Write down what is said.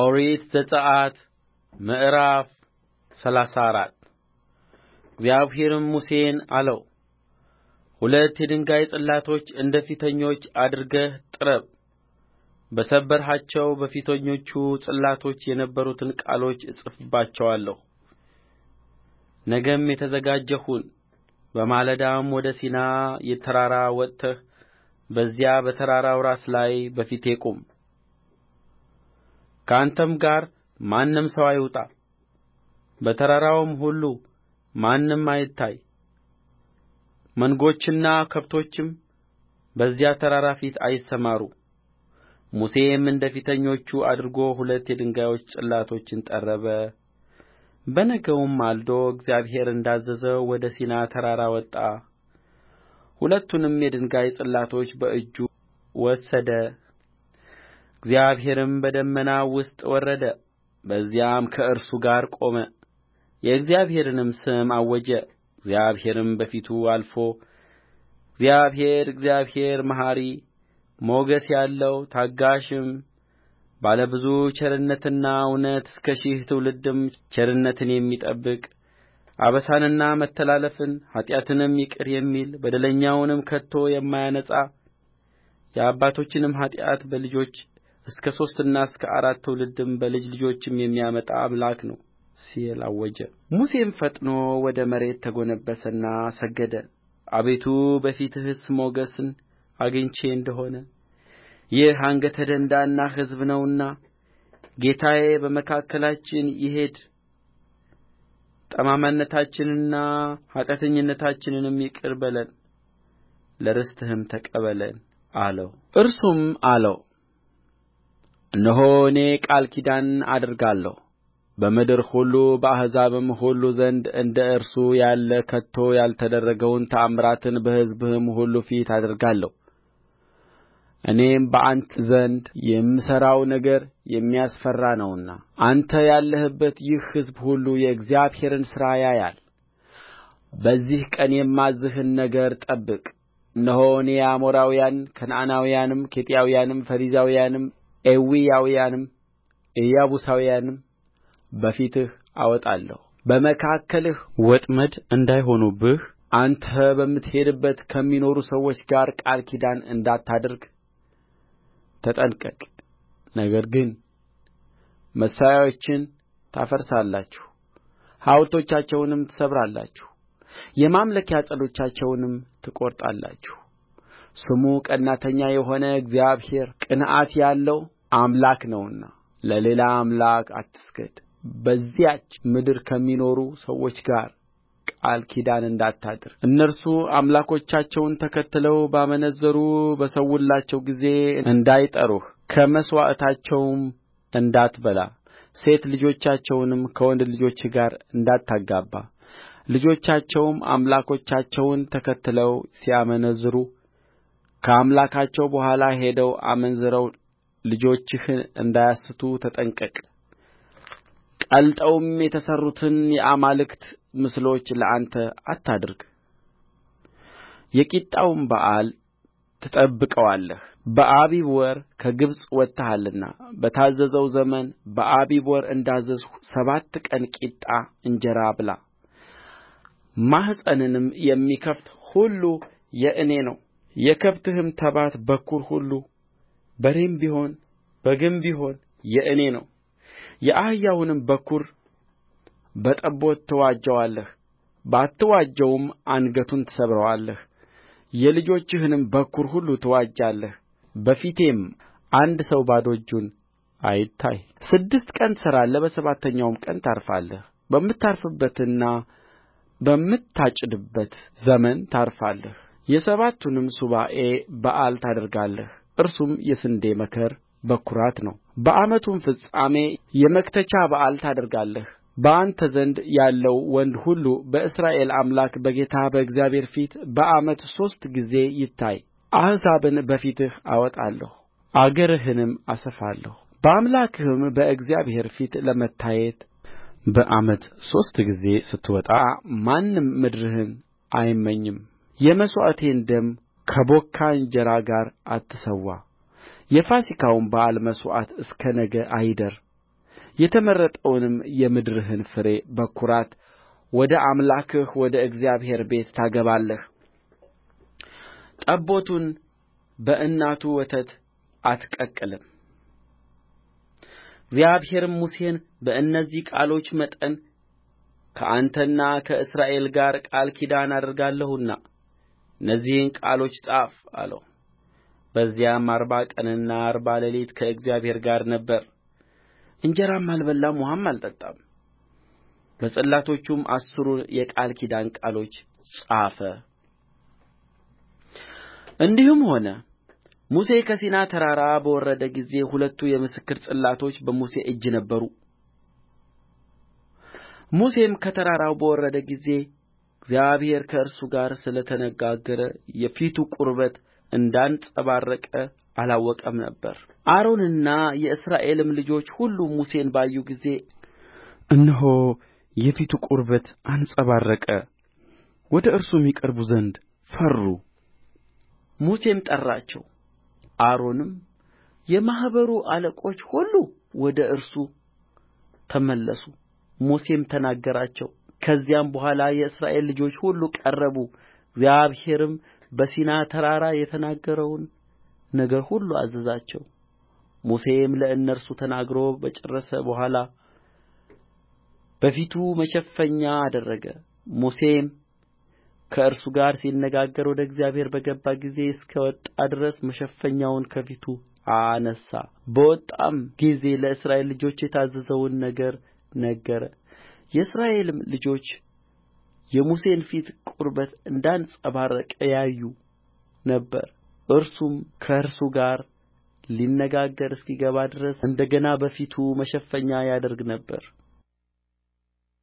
ኦሪት ዘጽአት ምዕራፍ ሰላሳ አራት እግዚአብሔርም ሙሴን አለው ሁለት የድንጋይ ጽላቶች እንደ ፊተኞች አድርገህ ጥረብ በሰበርሃቸው በፊተኞቹ ጽላቶች የነበሩትን ቃሎች እጽፍባቸዋለሁ ነገም የተዘጋጀሁን ሁን በማለዳም ወደ ሲና ተራራ ወጥተህ በዚያ በተራራው ራስ ላይ በፊቴ ቁም ከአንተም ጋር ማንም ሰው አይውጣ በተራራውም ሁሉ ማንም አይታይ መንጎችና ከብቶችም በዚያ ተራራ ፊት አይሰማሩ ሙሴም እንደ ፊተኞቹ አድርጎ ሁለት የድንጋዮች ጽላቶችን ጠረበ በነገውም ማልዶ እግዚአብሔር እንዳዘዘው ወደ ሲና ተራራ ወጣ ሁለቱንም የድንጋይ ጽላቶች በእጁ ወሰደ እግዚአብሔርም በደመና ውስጥ ወረደ በዚያም ከእርሱ ጋር ቆመ የእግዚአብሔርንም ስም አወጀ እግዚአብሔርም በፊቱ አልፎ እግዚአብሔር እግዚአብሔር መሐሪ ሞገስ ያለው ታጋሽም ባለ ብዙ ቸርነትና እውነት እስከ ሺህ ትውልድም ቸርነትን የሚጠብቅ አበሳንና መተላለፍን ኃጢአትንም ይቅር የሚል በደለኛውንም ከቶ የማያነጻ የአባቶችንም ኃጢአት በልጆች እስከ ሦስትና እስከ አራት ትውልድም በልጅ ልጆችም የሚያመጣ አምላክ ነው ሲል አወጀ ሙሴም ፈጥኖ ወደ መሬት ተጐነበሰና ሰገደ አቤቱ በፊትህስ ሞገስን አግኝቼ እንደ ሆነ ይህ አንገተ ደንዳና ሕዝብ ነውና ጌታዬ በመካከላችን ይሄድ ጠማማነታችንንና ኃጢአተኝነታችንንም ይቅር በለን ለርስትህም ተቀበለን አለው እርሱም አለው እነሆ እኔ ቃል ኪዳን አደርጋለሁ በምድር ሁሉ በአሕዛብም ሁሉ ዘንድ እንደ እርሱ ያለ ከቶ ያልተደረገውን ተአምራትን በሕዝብህም ሁሉ ፊት አደርጋለሁ እኔም በአንተ ዘንድ የምሠራው ነገር የሚያስፈራ ነውና አንተ ያለህበት ይህ ሕዝብ ሁሉ የእግዚአብሔርን ሥራ ያያል በዚህ ቀን የማዝህን ነገር ጠብቅ እነሆ እኔ አሞራውያን ከነዓናውያንም ኬጢያውያንም ፌርዛውያንም ኤዊያውያንም ኢያቡሳውያንም በፊትህ አወጣለሁ በመካከልህ ወጥመድ እንዳይሆኑብህ አንተ በምትሄድበት ከሚኖሩ ሰዎች ጋር ቃል ኪዳን እንዳታደርግ ተጠንቀቅ ነገር ግን መሠዊያዎችን ታፈርሳላችሁ ሐውልቶቻቸውንም ትሰብራላችሁ የማምለኪያ ዐፀዶቻቸውንም ትቈርጣላችሁ ስሙ ቀናተኛ የሆነ እግዚአብሔር ቅንዓት ያለው አምላክ ነውና ለሌላ አምላክ አትስገድ በዚያች ምድር ከሚኖሩ ሰዎች ጋር ቃል ኪዳን እንዳታድርግ። እነርሱ አምላኮቻቸውን ተከትለው ባመነዘሩ በሠዉላቸው ጊዜ እንዳይጠሩህ ከመሥዋዕታቸውም እንዳትበላ ሴት ልጆቻቸውንም ከወንድ ልጆችህ ጋር እንዳታጋባ ልጆቻቸውም አምላኮቻቸውን ተከትለው ሲያመነዝሩ ከአምላካቸው በኋላ ሄደው አመንዝረው ልጆችህን እንዳያስቱ ተጠንቀቅ ቀልጠውም የተሠሩትን የአማልክት ምስሎች ለአንተ አታድርግ የቂጣውን በዓል ትጠብቀዋለህ በአቢብ ወር ከግብፅ ወጥተሃልና በታዘዘው ዘመን በአቢብ ወር እንዳዘዝሁህ ሰባት ቀን ቂጣ እንጀራ ብላ ማኅፀንንም የሚከፍት ሁሉ የእኔ ነው የከብትህም ተባት በኵር ሁሉ በሬም ቢሆን በግም ቢሆን የእኔ ነው የአህያውንም በኵር በጠቦት ትዋጀዋለህ ባትዋጀውም አንገቱን ትሰብረዋለህ የልጆችህንም በኵር ሁሉ ትዋጃለህ በፊቴም አንድ ሰው ባዶ እጁን አይታይ ስድስት ቀን ትሠራለህ በሰባተኛውም ቀን ታርፋለህ በምታርስበትና በምታጭድበት ዘመን ታርፋለህ የሰባቱንም ሱባዔ በዓል ታደርጋለህ እርሱም የስንዴ መከር በኵራት ነው በዓመቱም ፍጻሜ የመክተቻ በዓል ታደርጋለህ በአንተ ዘንድ ያለው ወንድ ሁሉ በእስራኤል አምላክ በጌታ በእግዚአብሔር ፊት በዓመት ሦስት ጊዜ ይታይ አሕዛብን በፊትህ አወጣለሁ አገርህንም አሰፋለሁ በአምላክህም በእግዚአብሔር ፊት ለመታየት በዓመት ሦስት ጊዜ ስትወጣ ማንም ምድርህን አይመኝም የመሥዋዕቴን ደም ከቦካ እንጀራ ጋር አትሠዋ የፋሲካውን በዓል መሥዋዕት እስከ ነገ አይደር የተመረጠውንም የምድርህን ፍሬ በኵራት ወደ አምላክህ ወደ እግዚአብሔር ቤት ታገባለህ ጠቦቱን በእናቱ ወተት አትቀቅልም እግዚአብሔርም ሙሴን በእነዚህ ቃሎች መጠን ከአንተና ከእስራኤል ጋር ቃል ኪዳን አድርጌአለሁና እነዚህን ቃሎች ጻፍ አለው በዚያም አርባ ቀንና አርባ ሌሊት ከእግዚአብሔር ጋር ነበረ እንጀራም አልበላም ውኃም አልጠጣም በጽላቶቹም አሥሩን የቃል ኪዳን ቃሎች ጻፈ እንዲህም ሆነ ሙሴ ከሲና ተራራ በወረደ ጊዜ ሁለቱ የምስክር ጽላቶች በሙሴ እጅ ነበሩ ሙሴም ከተራራው በወረደ ጊዜ እግዚአብሔር ከእርሱ ጋር ስለ ተነጋገረ የፊቱ ቁርበት እንዳንጸባረቀ አላወቀም ነበር አሮንና የእስራኤልም ልጆች ሁሉ ሙሴን ባዩ ጊዜ እነሆ የፊቱ ቁርበት አንጸባረቀ ወደ እርሱም ይቀርቡ ዘንድ ፈሩ ሙሴም ጠራቸው አሮንም የማኅበሩ አለቆች ሁሉ ወደ እርሱ ተመለሱ ሙሴም ተናገራቸው ከዚያም በኋላ የእስራኤል ልጆች ሁሉ ቀረቡ እግዚአብሔርም በሲና ተራራ የተናገረውን ነገር ሁሉ አዘዛቸው ሙሴም ለእነርሱ ተናግሮ ከጨረሰ በኋላ በፊቱ መሸፈኛ አደረገ ሙሴም ከእርሱ ጋር ሲነጋገር ወደ እግዚአብሔር በገባ ጊዜ ወጣ ድረስ መሸፈኛውን ከፊቱ አነሣ በወጣም ጊዜ ለእስራኤል ልጆች የታዘዘውን ነገር ነገረ የእስራኤልም ልጆች የሙሴን ፊት ቁርበት እንዳንጸባረቀ ያዩ ነበር እርሱም ከእርሱ ጋር ሊነጋገር እስኪገባ ድረስ እንደ ገና በፊቱ መሸፈኛ ያደርግ ነበር